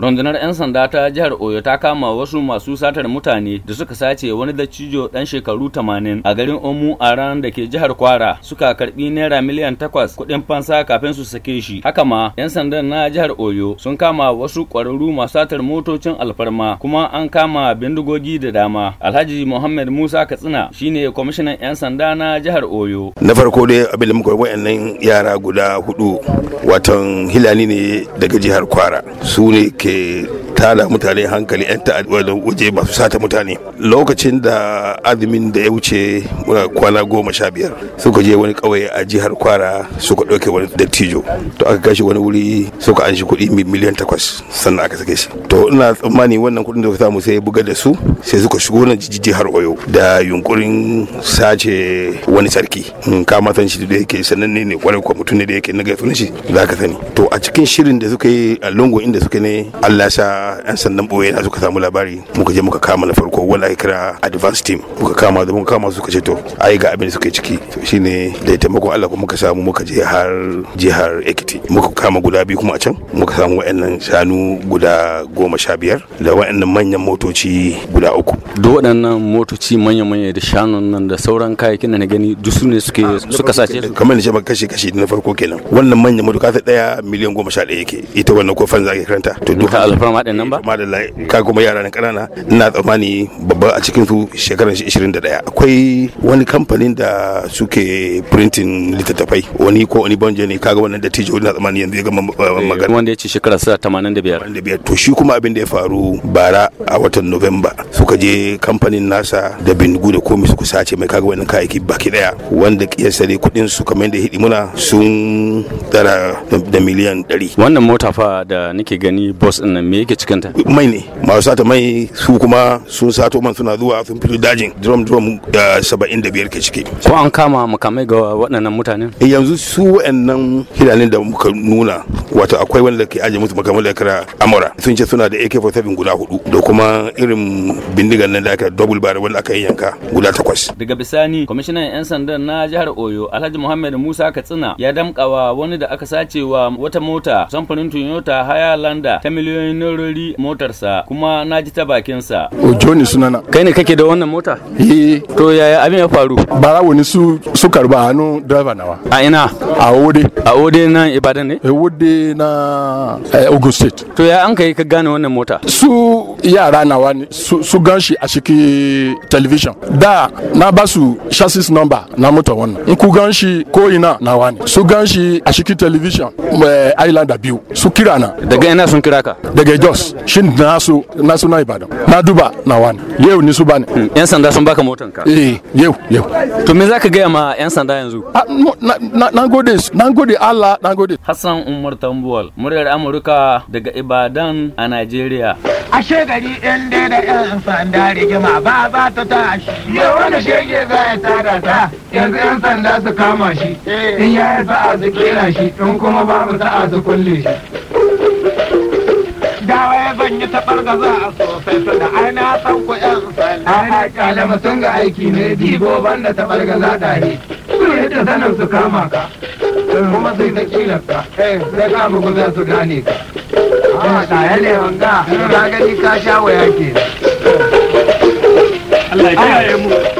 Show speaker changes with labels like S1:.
S1: Rundunar 'yan sanda ta jihar Oyo ta kama wasu masu satar mutane da suka sace wani dattijo dan shekaru 80 a garin Omu a ranar da ke jihar Kwara suka karbi naira miliyan 8 kuɗin fansa kafin su sake shi. Haka ma 'yan sandan na jihar Oyo sun kama wasu ƙwararru masu satar motocin alfarma kuma an kama bindigogi da dama. Alhaji Muhammad Musa Katsina shine kwamishinan 'yan sanda na jihar
S2: Oyo. Na farko dai abin da muka wayannan yara guda hudu watan Hilali ne daga jihar Kwara. Su ne ke tada mutane hankali 'yan ta'adda waje masu sata mutane lokacin da azumin da ya wuce muna kwana goma sha biyar suka je wani kauye a jihar kwara suka ɗauke wani dattijo to aka kashi wani wuri suka an shi kuɗi miliyan takwas sannan aka sake shi to ina tsammani wannan kuɗin da suka samu sai buga da su sai suka shigo na jihar oyo da yunkurin sace wani sarki in ka matan shi da yake sannan ne kwarai kwa mutum ne da yake na ka sani to a cikin shirin da suka yi a lungu inda suka ne Allah sa yan sandan boye na suka samu labari muka je muka kama na farko wanda ake kira advance team muka kama da muka kama suka ce to ai ga abin da suka ciki to shine da taimakon Allah kuma muka samu muka je har jihar Ekiti muka kama guda biyu kuma a can muka samu wayannan shanu guda goma sha biyar da wayannan manyan motoci guda uku duk waɗannan motoci manya-manya da shanun nan da sauran kayayyakin da na gani duk su ne suke ah, suka sace su kamar da kashe kashe na farko kenan wannan manyan motoci kasa daya miliyan goma sha ɗaya yake ita wannan kofan za ka karanta to duka alfarma din nan ba eh, madalla ka kuma yara na kanana ina tsammani babba a cikin su shekaran shi 21 akwai wani kamfanin da suke printing littattafai wani ko wani banje ne kaga wannan da tijo ina tsammani yanzu ya gama eh, eh, magana wanda ya ce shekara 85 to shi kuma abin da ya faru bara a watan Novemba suka je kamfanin nasa da bindigu da komai suka sace mai kaga wannan kayayyaki baki daya wanda kiyasa ne kudin su kamar da hidimuna sun tara da miliyan 100 wannan mota fa da nake gani bus bus din nan me yake cikin ta mai ne masu sata mai su kuma sun sato man suna zuwa sun fito dajin drum drum saba'in da biyar ke ciki
S1: ko an kama makamai ga waɗannan mutanen
S2: eh, yanzu su waɗannan hidanin da muka nuna wato akwai wanda ke aje musu makamai da kira amora sun ce suna da ak-47 guda hudu da kuma irin bindigan nan da aka double bar wanda aka yanka guda takwas
S1: daga bisani kwamishinan 'yan sandan na jihar oyo alhaji muhammad musa katsina ya damkawa wani da aka sacewa wata mota samfurin toyota highlander ta miliyoyin narori motarsa kuma na ji ta bakinsa.
S3: Ojo ne sunana. Kai ne kake da wannan mota? Eh. To yaya abin ya faru? Barawo ni su su karba hannu driver nawa.
S1: A ina? A Ode. A Ode na Ibadan ne? Ode na eh, Ogun State. To ya an kai ka gane
S3: wannan mota? Su yara nawa ne su gan shi a cikin television. Da na ba su chassis number na mota wannan. In ku gan shi ko ina nawa ne. Su gan shi a cikin television. Eh, Islander biyu. Su kira na.
S1: Daga ina sun kira haka
S3: daga jos shin nasu nasu na ibadan na duba na wani yau ni su bani hmm. yan sanda sun baka motan ka eh yau yau to me
S1: zaka gaya ma yan sanda yanzu ah, na gode na gode Allah na gode Hassan Umar Tambuwal muryar Amurka daga Ibadan a nigeria.
S2: ashe gari in dai da yan sanda rigima ba ba ta ta yau wani shege za ya tada ta yanzu yan sanda su kama shi eh. in ya yi sa'a su kera shi in kuma babu sa'a su kulle shi zan yi taɓar da za a sosai su da ai na san ku yan sanda. Ai kalama sun ga aiki ne dibo da taɓar ga za ta yi. Su yadda sanin su kama ka. Kuma sai ta kila ka. Eh. Sai ka bugu su gane ka. Ah, da eh. ya ne wanga. Ka gani ka sha waya ke. Eh. Allah ya mu.